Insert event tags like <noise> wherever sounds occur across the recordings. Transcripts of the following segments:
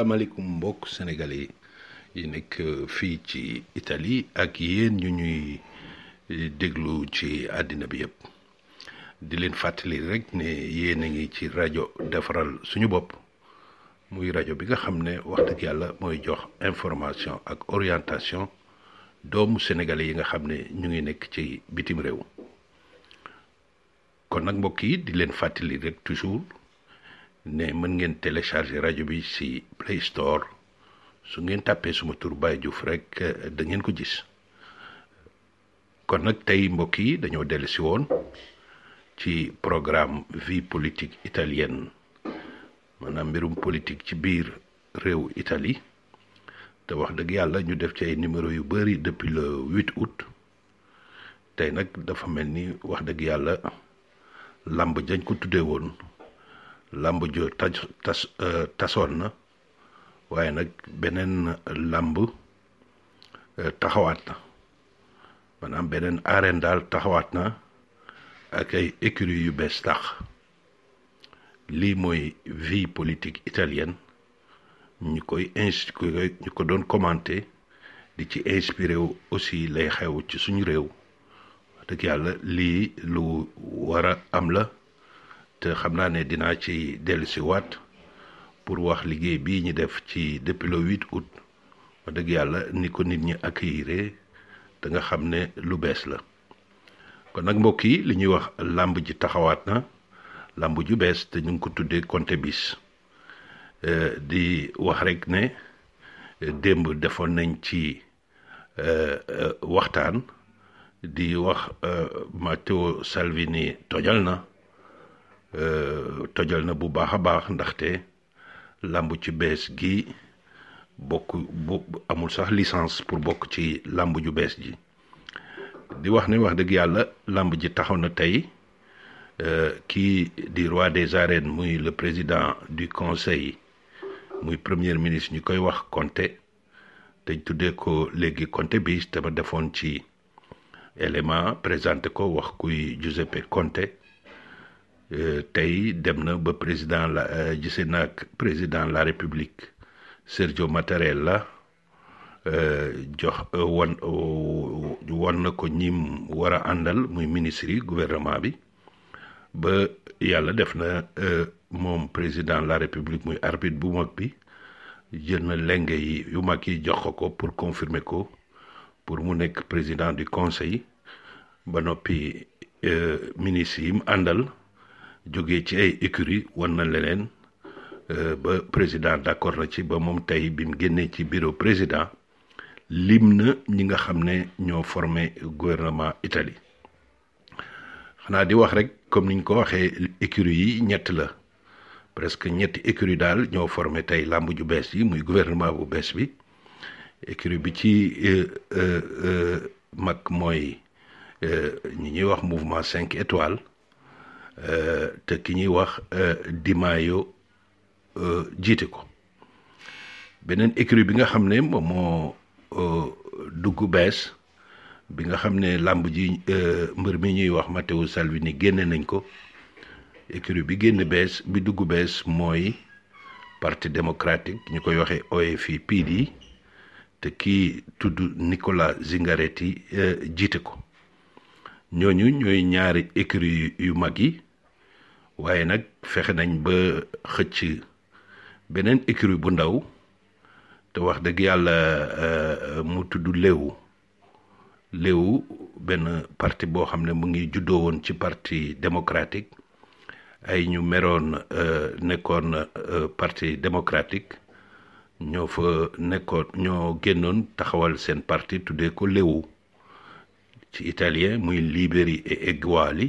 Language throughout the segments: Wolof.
alaykum mbok sénégalais yi nek fi ci Italie ak yéen ñu ñuy déglu ci àddina bi yépp di leen fàttali rek ne yéen a ngi ci rajo defaral suñu bopp muy rajo bi nga xam ne wax dëgg yàlla mooy jox information ak orientation doomu sénégalais yi nga xam ne ñu ngi nekk ci bitim réew kon nag mbokk yi di leen fàttali rek toujours. ne mën ngeen télécharger rajo bi si play store su ngeen tàppee suma tur Baye Diouf rek eh, da ngeen ko gis kon nag tey mbokk yi dañoo dellu si woon ci programme vie politique italienne maanaam mbirum politique ci biir réew Italie te wax dëgg yàlla ñu def ci ay numéro yu depuis le 8 août tey nag dafa mel ni wax dëgg yàlla lamb jañ ko tuddee woon làmb jo taj tas euh, tasoon na waaye nag beneen làmb euh, taxawaat na maanaam beneen arène daal taxawaat na ak ay écurie yu bees tax lii mooy vie politique italienne ñu koy inspiré ñu ko doon commenté di ci inspiré aussi lay xew ci suñu réew dëgg yàlla lii lu war am la te xam naa ne dinaa ci dellusi waat pour wax liggéey bii ñu def ci depuis le 8 août ma dëgg yàlla ni ko nit ñi accueillir da nga xam ne lu bees la kon nag mbokk yi li ñuy wax làmb ji taxawaat na làmb ju bees te ñu ngi ko tuddee Conté Bis euh, di wax rek ne démb defoon nañ ci euh, euh, waxtaan di wax Matteo Salvini tojal na euh, tojal na bu baax a baax ndaxte làmb ci bees gi bokk bu amul sax licence pour bokk ci làmb ju bees ji di wax ne wax dëgg yàlla làmb ji taxaw na tey euh, ki di roi des arènes muy le président du conseil muy premier ministre ñu koy wax Conte dañ tuddee ko léegi Conte bi dama defoon ci élément présenté ko wax kuy Giuseppe Conte. Euh, tey dem ba président la euh, la république Sergio Mattarella euh, jox won won ñim gouvernement bi ba président la république arbitre bu pour confirmer pour président du conseil ba jógee ci ay écurie wan na leneen euh, ba président d'accord na ci ba moom tey bi mu génnee ci bureau président lim na ñi nga xam ne ñoo formé gouvernement Italie xanaa di wax rek comme niñ ko waxee écurie yi ñett la presque ñetti écurie daal ñoo formé tey lamb ju bees yi muy gouvernement bu bees bi écurie bi ci euh, euh, mag mooy ñi ñuy wax mouvement cinq étoiles Euh, te ki ñuy wax euh, Dimayo euh, jiite ko beneen écurie bi nga xam ne moom moo dugg bees bi nga xam ne làmb ji mbër mi ñuy wax Matteo Salvini génne nañ ko écurie bi génn bees bi dugg bees mooy parti démocratique ñu koy waxee OFI-PD te kii tudd Nicolas Zingaretti jiite ko ñooñu ñooy ñaari écurie yu mag yi waaye nag fexe nañ ba xëcc beneen écurie bu ndaw te wax dëgg yàlla euh, mu tudd léewu léewu benn parti boo xam ne mu ngi juddoo woon ci parti démocratique ay ñu meroon euh, nekkoon euh, parti démocratique ñoo fa nekkoon ñoo génnoon taxawal seen parti tuddee ko léewu ci italien muy liberi e uguali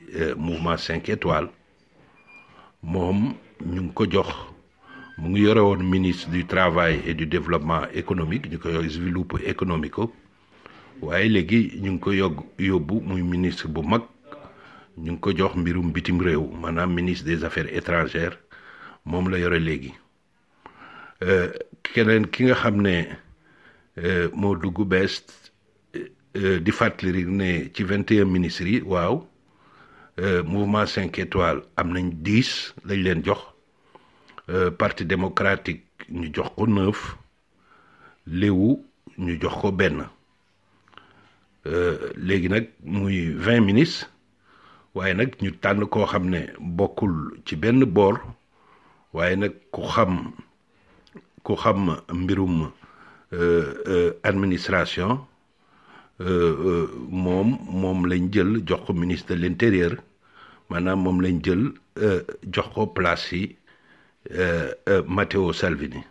Euh, mouvement cinq étoiles Mom, ñu ko jox mu ngi yore ministre du travail et du développement économique ñu koy sviluppo économico waye léegi ñu ngi ko yog yóbbu muy ministre bu mag ñu ngi ko jox mbirum bitim rew manam ministre des affaires étrangères mom la yore euh keneen ki nga xam ne euh, moo best euh di fàttali rek ne ci 21 ministres waaw euh, mouvement 5 étoiles amnañ 10 leen jox euh, parti démocratique ñu jox ko 9 ñu jox ko euh, muy 20 ministres ñu ci administration Euh, euh, moom moom lañ jël jox ko ministre de l'intérieur maanaam moom lañ jël euh, jox ko place yi Matteo Salvini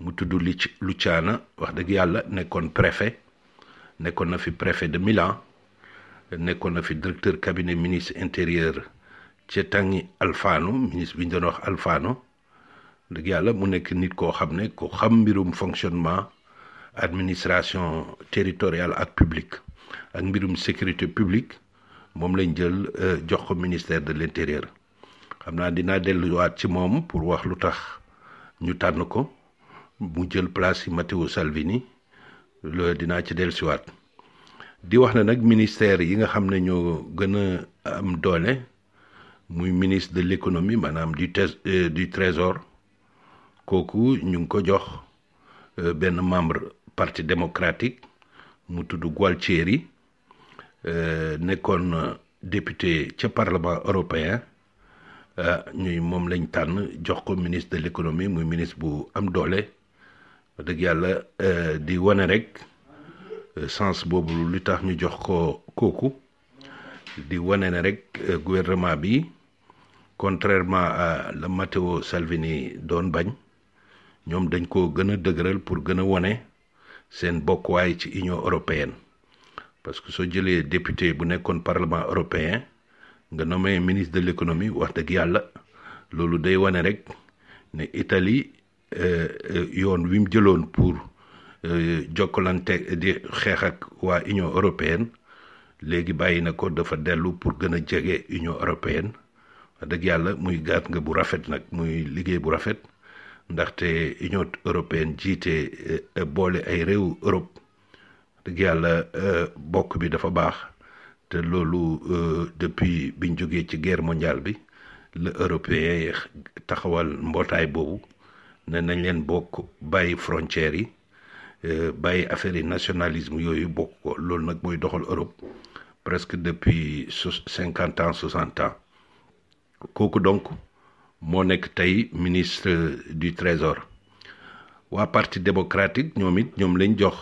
mu tudd Luciana wax dëgg yàlla nekkoon préfet nekkoon na fi préfet de Milan nekkoon na fi directeur cabinet ministre intérieur ci tàngi Alfano ministre bi ñu doon wax Alfano dëgg yàlla mu nekk nit koo xam ne ku xam mbirum fonctionnement administration territoriale et publique ak mbirum sécurité publique mom lañ jël euh, jox ko ministère de l'intérieur xamna dina dinaa wat ci mom pour wax lutax ñu tann ko mu jël place ci Matteo Salvini loolu dina ci wat di wax na nak ministère yi nga xam ñoo gëna a am doole muy ministre de l'économie manam du euh, du trésor kooku ñu ko jox ben membre parti démocratique mu tudd Gualtieri euh, euh, député du parlement européen euh, ñuy moom lañ tànn jox ministre de l'économie ministre bu am sens tax ñu jox ko gouvernement contrairement à Matteo Salvini doon bañ dañ pour seen bokkuwaay ci union européenne parce que soo jëlee député bu nekkoon parlement européen nga nommé ministre de l'économie wax dëgg yàlla loolu day wane rek ne Italie euh, yoon wi mu jëloon pour euh, jokkalante di xeex ak waa union européenne léegi bàyyi na ko dafa dellu pour gën a jege union européenne wax dëgg yàlla muy gaat nga bu rafet nag muy liggéey bu rafet ndaxte union européenne jiite eh, boole ay Europe dëgg yàlla eh, bokk bi dafa baax eh, depuis biñ guerre mondiale bi le européen taxawal mbootaay boobu ne nañ affaire nationalisme yooyu bokk ko loolu nag doxal Europe presque depuis 50 ans 60 ans kooku donc Monek Tay, ministre du trésor à parti démocratique nous lañ jox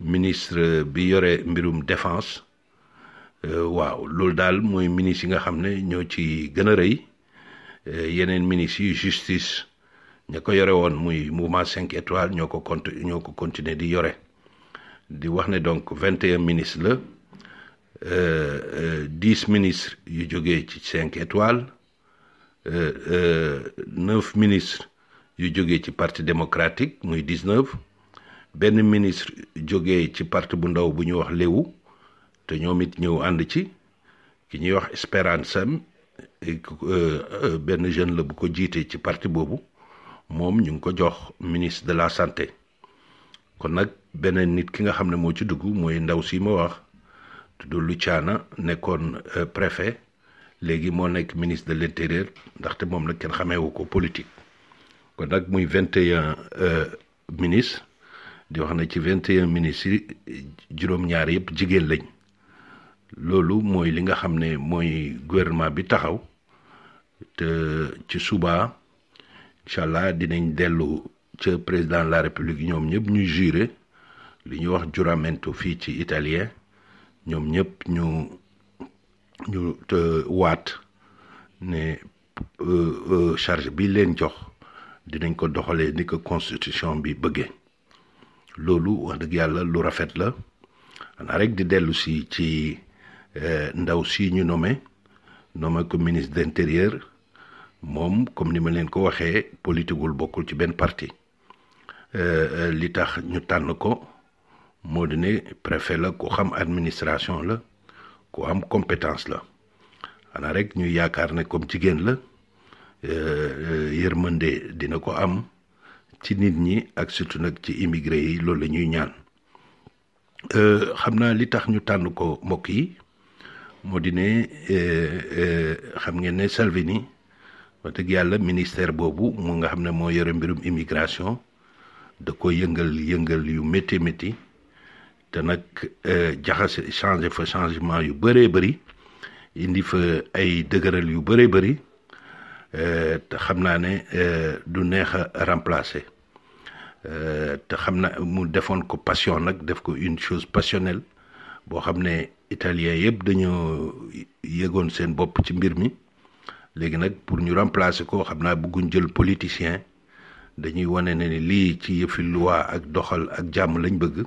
ministre bi la défense euh, waaw ministre yi nga euh, justice ña ko mouvement 5 étoiles ko donc ministres 10 euh, ministres yu ci cinq étoiles euh, euh, neuf ministres yu jógee ci parti démocratique muy 19 benn ministre jógee ci parti bu ndaw bu ñuy wax Léwu te ñoom it ñëw ànd ci ki ñuy wax Espérance am euh, benn jeune la bu ko jiite ci parti boobu moom ñu ngi ko jox ministre de la santé kon nag beneen nit ki nga xam ne moo ci dugg mooy ndaw si ma wax tudd Luciana nekkoon préfet léegi mo nek ministre de l'Intérieur ndax té mom kenn xamé politique kon nak muy 21 euh ministre di wax ci ministres ñaar yépp jigéen lañ loolu mooy li nga xam ne gouvernement bi taxaw te ci suba incha dinañ dellu président de la république ñoom ñëpp ñuy juré li ñu wax juramento ci italien ñëpp ñu ñu waat ne euh, euh, charge bi leen jox dinañ ko doxalee ni ko constitution bi bëggee loolu wax dëgg yàlla lu rafet la xanaa rek di dellu si ci euh, ndaw si ñu nommé nommé ko ministre d' intérieur moom comme ni ma leen ko waxee politiqueul bokkul ci benn parti li tax ñu tànn ko moo di ne préfet la ku xam administration la ku am compétence la xanaa rek ñuy yaakaar ne comme jigéen la euh, yërmande dina ko am ci nit ñi ak surtout nag ci immigré yi loolu lañuy ñuy ñaan euh, xam naa li tax ñu tànn ko mbokk yi moo di ne euh, xam ngeen ne Salvini wax dëgg yàlla ministère boobu mu nga xam ne moo yore mbirum immigration da ko yëngal yëngal yu métti métti te nag jaxase changé fa changement yu bëree bëri indi fa ay dëgëral yu bëree bëri te xam naa ne du neex a remplacer te xam na mu defoon ko passion nag def ko une chose passionnelle boo xam ne italien yëpp dañoo yëgoon seen bopp ci mbir mi léegi nag pour ñu remplacer ko xam naa bëgguñ jël politicien dañuy wane ne ni lii ci yëfi loi ak doxal ak jàmm lañ bëgg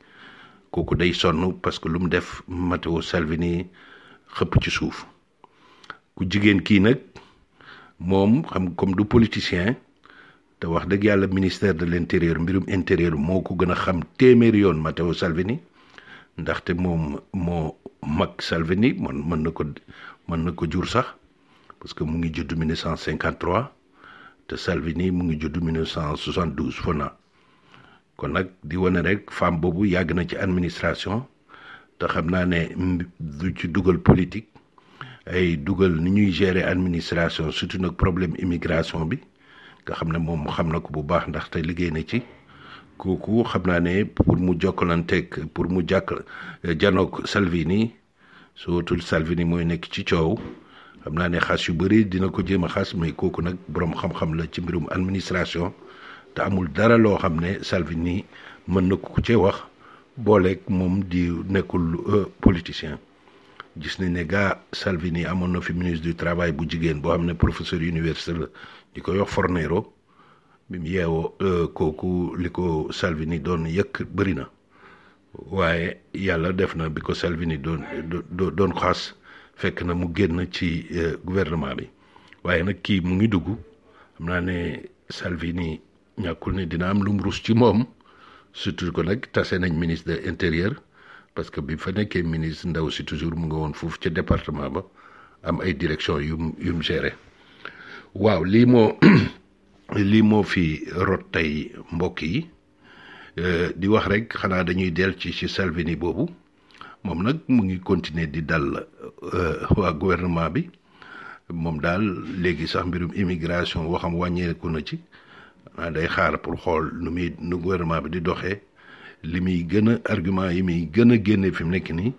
kooku day sonn parce que lu mu def Matteo Salvini xëpp ci suuf ku jigéen kii nag moom xam comme du politicien te wax dëgg yàlla ministère de l'intérieur mbirum intérieur moo ko gën a xam téeméeri yoon Matteo Salvini ndaxte moom moo mag Salvini man mën na ko mën na ko jur sax parce que mu ngi judd 1953 te Salvini mu ngi judd 1972 fona kon nag di wane rek femme boobu yàgg na ci administration te xam naa ne du ci dugal politique ay dugal ni ñuy gérer administration surtout nag problème immigration bi nga xam ne moom xam na ko bu baax ndax ndaxte liggéey na ci kooku xam naa ne pour mu jokkalanteeg pour mu jàkk janoog Salvini surtout Salvini mooy nekk ci coow xam naa ne xas yu bari dina ko jéem a xas mais kooku nag boroom xam-xam la ci mbirum administration te amul dara loo xam ne Salvini mën na ko cee wax booleeg moom di nekkul euh, politicien gis nañ ne gaa Salvini amoon na fi ministre du travail bu jigéen boo xam ne professeur université la di koy wax Fornero bi mu yeewoo euh, kooku li ko Salvini doon yëkk bëri na waaye yàlla def na bi ko Salvini doon doon xas fekk na mu génn ci euh, gouvernement bi waaye nag kii mu ngi dugg xam naa ne Salvini ñàkkul ne dina am lum rus ci moom surtout ko nag tase nañ ministre de l'intérieur parce que bi fa nekkee ministre ndaw si toujours mu nga woon foofu ca département ba am ay direction yum yum géré waaw lii moo <clears throat> lii moo fi rot tey mbokk yi euh, di wax rek xanaa dañuy del ci ci Salvini boobu moom nag mu ngi continuer di dal euh, waa bi moom daal léegi sax mbirum immigration waxam wàññeeku na ci Ah, day xaar pour xool nu muy nu gouvernement bi di doxee li muy gën a argument yi muy gën a génne fi mu nekk nii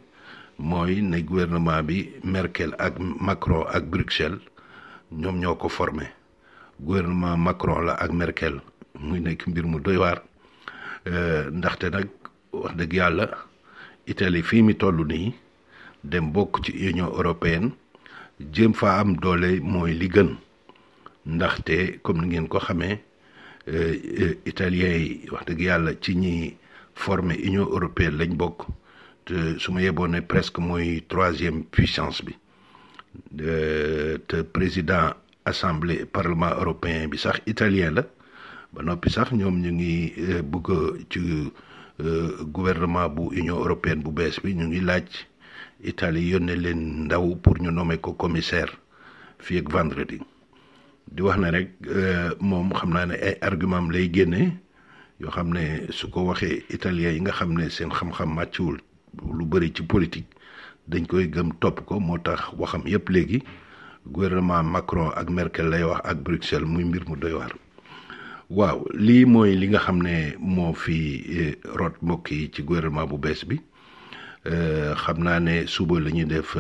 mooy ne gouvernement bi Merkel ak Macron ak Bruxelles ñoom ñoo ko formé gouvernement Macron la ak Merkel mu nekk mbir mu doy waar eh, ndaxte nag wax dëgg yàlla Italie fii mu toll nii dem bokk ci Union européenne jéem faa am doole mooy li gën ndaxte comme ni ngeen ko xamee. Euh, euh, italiens yi wax dëgg yàlla ci ñi formé union européenne lañ bokk te su ma yeboo presque mooy troisième puissance bi te président assemblée parlement européen bi sax italien la ba noppi sax ñoom ñu ngi euh, bëgg ci gouvernement bu union européenne bu bees bi ñu ngi laaj Italie yónnee leen ndaw pour ñu nommer ko commissaire fii ak vendredi. di wax na rek euh, moom xam naa ne ay argument lay génne yoo xam ne su ko waxee italien yi nga xam ne seen xam-xam màcciwul lu bëri ci politique dañ koy gëm topp ko moo tax waxam yépp léegi gouvernement Macron ak Merkel lay wax ak Bruxelles muy mbir mu doy waar. waaw lii mooy li nga xam ne moo fi euh, rot mbokk yi ci gouvernement bu bees bi euh, xam naa ne suba la ñuy def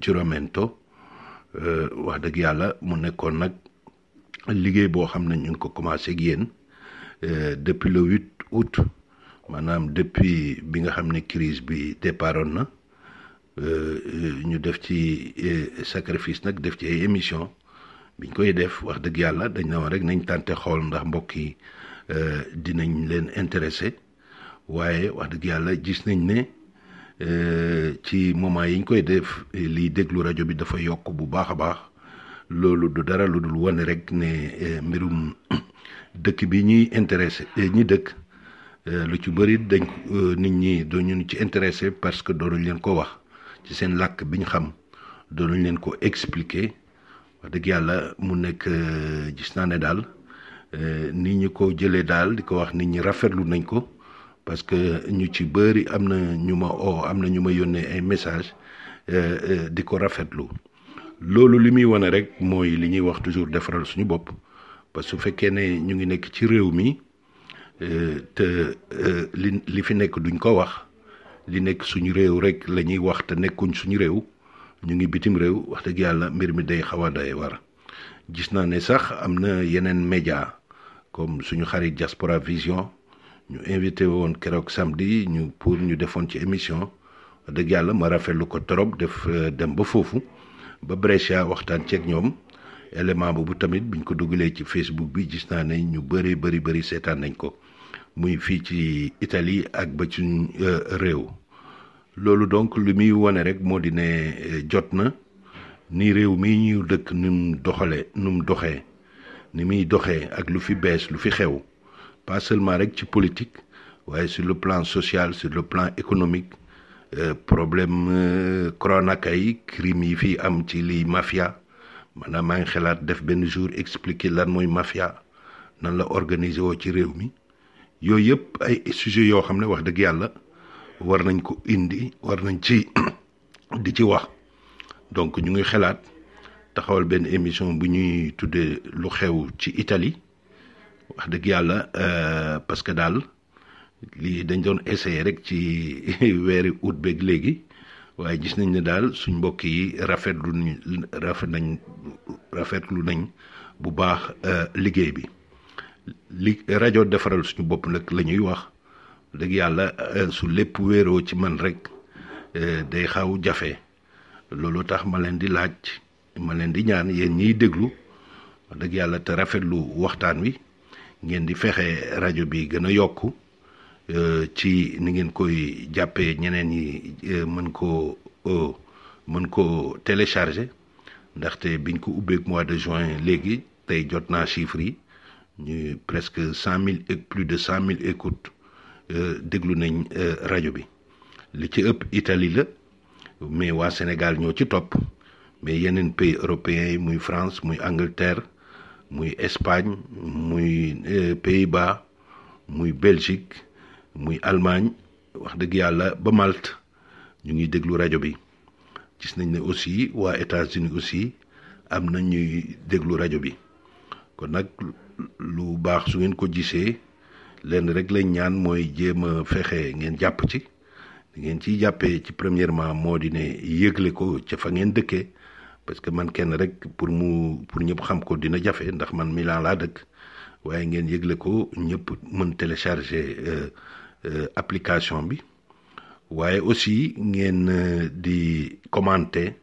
juramento Euh, wax dëgg yàlla mu nekkoon nag liggéey boo xam ne ñu ngi ko commencé ak yéen euh, depuis le huit août maanaam depuis bi nga xam ne crise bi départoon na euh, ñu def ci sacrifice nag def ci ay émission biñ koy def wax dëgg yàlla dañ na woon rek nañ tànte xool ndax mbokk yi dinañ leen intéressé waaye wax dëgg yàlla gis nañ ne Euh, ci moment yiñ koy def eh, liy déglu rajo bi dafa yokk bu baax a baax loolu du dara lu dul wane rek ne eh, mbirum <clears throat> dëkk bi ñuy intéressé eh, ñi dëkk euh, lu ci bëri dañ euh, nit ñi dooñu ci intéressé parce que doonuñ leen ko wax ci seen làkk bi ñu xam doonuñ leen ko expliquer wax dëgg yàlla mu nekk gis naa ne daal ni ñu ko jëlee daal di ko wax nit ñi rafetlu nañ ko. parce que ñu ci bëri am na ñu ma oo am na ñu ma yónnee ay message euh, euh, di ko rafetlu loolu li muy wane rek mooy li ñuy wax toujours defaral suñu bopp parce que su fekkee ne ñu ngi nekk ci réew mi euh, te li li fi nekk duñ ko wax li nekk suñu réew rek la ñuy wax te nekkuñ suñu réew ñu ngi bitim réew wax dëgg yàlla mbir mi day xaw a day war gis naa ne sax am na yeneen média comme suñu xarit Diaspora Vision ñu invité woon keroog samedi ñu pour ñu defoon ci émission dëgg yàlla ma rafetlu ko trop def euh, dem ba foofu ba Brescia waxtaan ceeg ñoom élément boobu tamit biñ ko dugalee ci Facebook bi gis naa ne ñu bëri bëri bëri seetaan nañ ko muy fii ci Italie ak ba ci euh, réew loolu donc lu muy wane rek moo di ne euh, jot na ni réew mi ñu dëkk ni mu doxalee ni mu doxee ni muy doxee ak lu fi bees lu fi xew pas seulement politique mais sur le plan social sur le plan économique euh, problème euh, corona crime mafia Madame def expliquer la mafia nan la organiser mi sujet war indi war <clears throat> donc ñu émission Italie wax dëgg yàlla euh, parce que daal lii dañ doon essayer rek ci <laughs> weeri ut beeg léegi waaye gis nañ ne daal suñ mbokk yi rafetlu rafet nañ rafetlu nañ bu baax euh, liggéey bi li rajo defaral suñu bopp nag la ñuy wax dëgg yàlla euh, su lépp wéeroo ci man rek day xaw jafe loolu tax ma leen di laaj ma leen di ñaan yéen ñiy déglu dëgg yàlla te rafetlu waxtaan wi ngeen di fexe rajo bi gën a euh, ci ni ngeen koy euh, euh, mois de juin léegi tey jot chiffres presque et plus de 100 000 écoutes déglu nañ rajo bi li ci ëpp Italie la mais waa Sénégal ñoo ci mais yeneen pays européens muy France muy Angleterre muy Espagne muy eh, Pays-Bas muy Belgique muy Allemagne wax dëgg yàlla ba Malte ñu ngi déglu rajo bi gis nañ ne aussi waa États-Unis aussi am na ñuy déglu rajo bi kon nag lu baax su ngeen ko gisee lenn rek lañ ñaan mooy jéem a fexe ngeen jàpp ci ngeen ciy jàppee ci premièrement moo di ne yëgle ko ca fa ngeen dëkkee parce que man kenn pour mu pour nous xam ko dina ndax man Milan dëkk ko télécharger application aussi commenter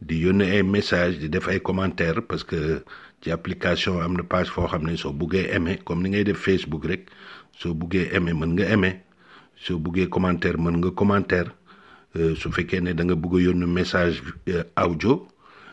di un message di def commentaires parce que ci application am page ne comme ni ngay Facebook rek soo buggee aimer commentaire nga commentaire euh, su da nga message euh, audio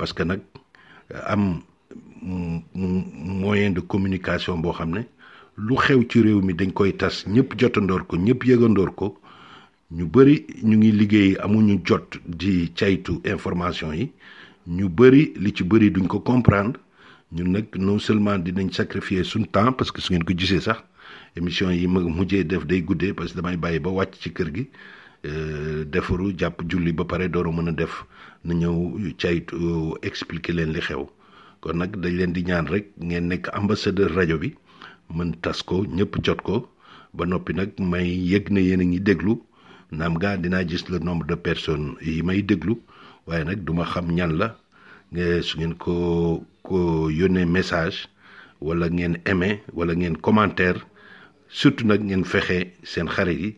parce que nak euh, am moyen de communication bo xamné lu xew ci réew mi dañ koy tass ñëpp jotandor ko ñëpp yegandor ko ñu bari ñu ngi liggéey amuñu jot di caytu information yi ñu bari li ci bari duñ ko comprendre ñun nak non seulement dinañ sacrifier sun temps parce que su ngeen ko gisee sax émission yi ma mujjee def day goudé parce que damay bayyi ba wacc ci kër gi Euh, defaru jàpp julli ba pare door mën a def na ñëw caytu euh, expliquer leen li xew kon nag dañ leen di ñaan rek ngeen nekk ambassadeur rajo bi mën tas ko ñëpp jot ko ba noppi nag may yëg na yéen a ngi déglu naam gaa dinaa gis le nombre de personnes yi may déglu waaye nag duma xam ñan la su ngeen ko ko yónnee message wala ngeen aimé wala ngeen commenter surtout nag ngeen fexe seen xare yi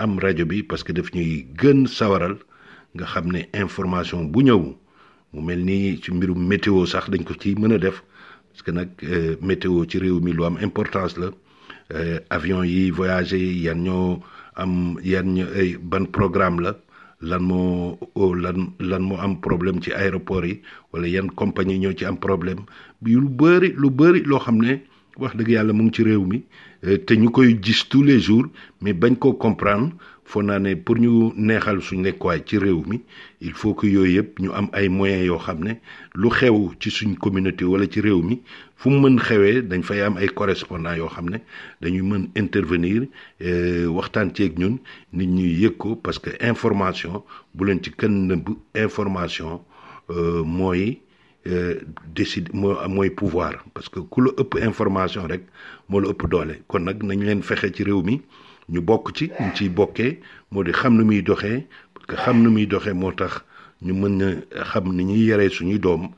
am rajo bi parce que daf ñuy gën sawaral nga xam information bu ñëw mu mel ci mbirum météo sax dañ ko ci mën a def parce que nag euh, météo ci réew mi lu am importance la euh, avion yi voyager yi yan ñoo am yan ay ban programme la lan mo lan lan mo am problème ci aéroport yi wala yan compagnie ñoo ci am problème lu bëri lu bëri loo xam wax dëgg yàlla mu ngi ci réew mi euh, te ñu koy gis tous les jours mais bañ ko comprendre foo naa ne pour ñu neexal suñ nekkuwaay ci réew mi il faut que yooyu yëpp ñu am ay moyens yoo xam ne lu xew ci suñ communauté wala ci réew mi fu mu mën xewee dañ fay am ay correspondants yoo xam ne dañuy mën intervenir euh, waxtaan ceeg ñun nit ñuy yëg ko parce que information bu leen ci kenn nëbb information euh, mooy euh, décide moi moi pouvoir parce que tout le peu information rek moi le peu doole kon nag nañ leen fexé ci mi ñu bok ci ñu xam nu parce que xam nu mi doxé motax ñu mën a xam ni ñuy yéré suñuy doom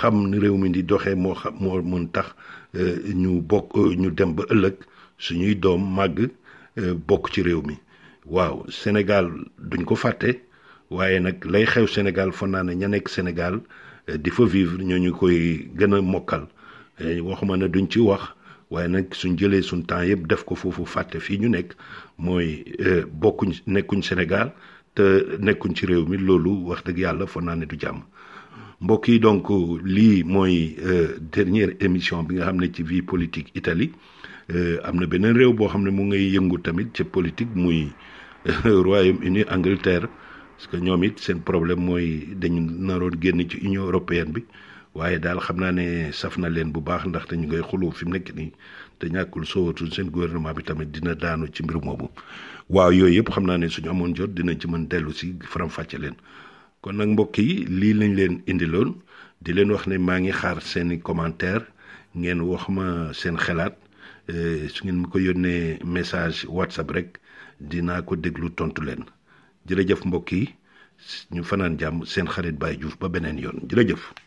xam ni mi di mën tax euh, ñu euh, ñu dem ba suñuy mi waaw Sénégal duñ ko waaye nag lay xew Sénégal foog naa ne ña nekk Sénégal eh, di fa vivre ñoo ñu koy gën a mokkal eh, waxuma ne duñ ci wax waaye nag suñ jëlee suñ temps yépp def ko foofu fàtte fii ñu nekk mooy eh, bokkuñ nekkuñ Sénégal te nekkuñ ci réew mi loolu wax dëgg yàlla foog naa ne du jàmm mbokk yi donc lii mooy dernière émission bi nga xam ne ci vie politique Italie am na beneen réew boo xam ne mu ngay yëngu tamit ci politique muy <laughs> Royaume-Uni Angleterre parce que ñoom it seen problème mooy dañu naroon génn ci union européenne bi waaye daal xam naa ne saf na leen bu baax ndaxte ñu ngay xuloo fi mu nekk nii te ñàkkul soowatul seen gouvernement bi tamit dina daanu ci mbir moomu waaw yooyu yëpp xam naa ne suñu amoon jot dinañ ci mën dellu si faram-fàcce leen kon nag mbokk yi lii lañ leen indiloon di leen wax ne maa ngi xaar seeni commentaire ngeen wax ma seen xalaat eh, su ngeen ma ko yónnee message whatsapp rek dinaa ko déglu tontu leen jërëjëf mbokk yi ñu fanaan jàmm seen xarit Baye Diouf ba beneen yoon jërëjëf.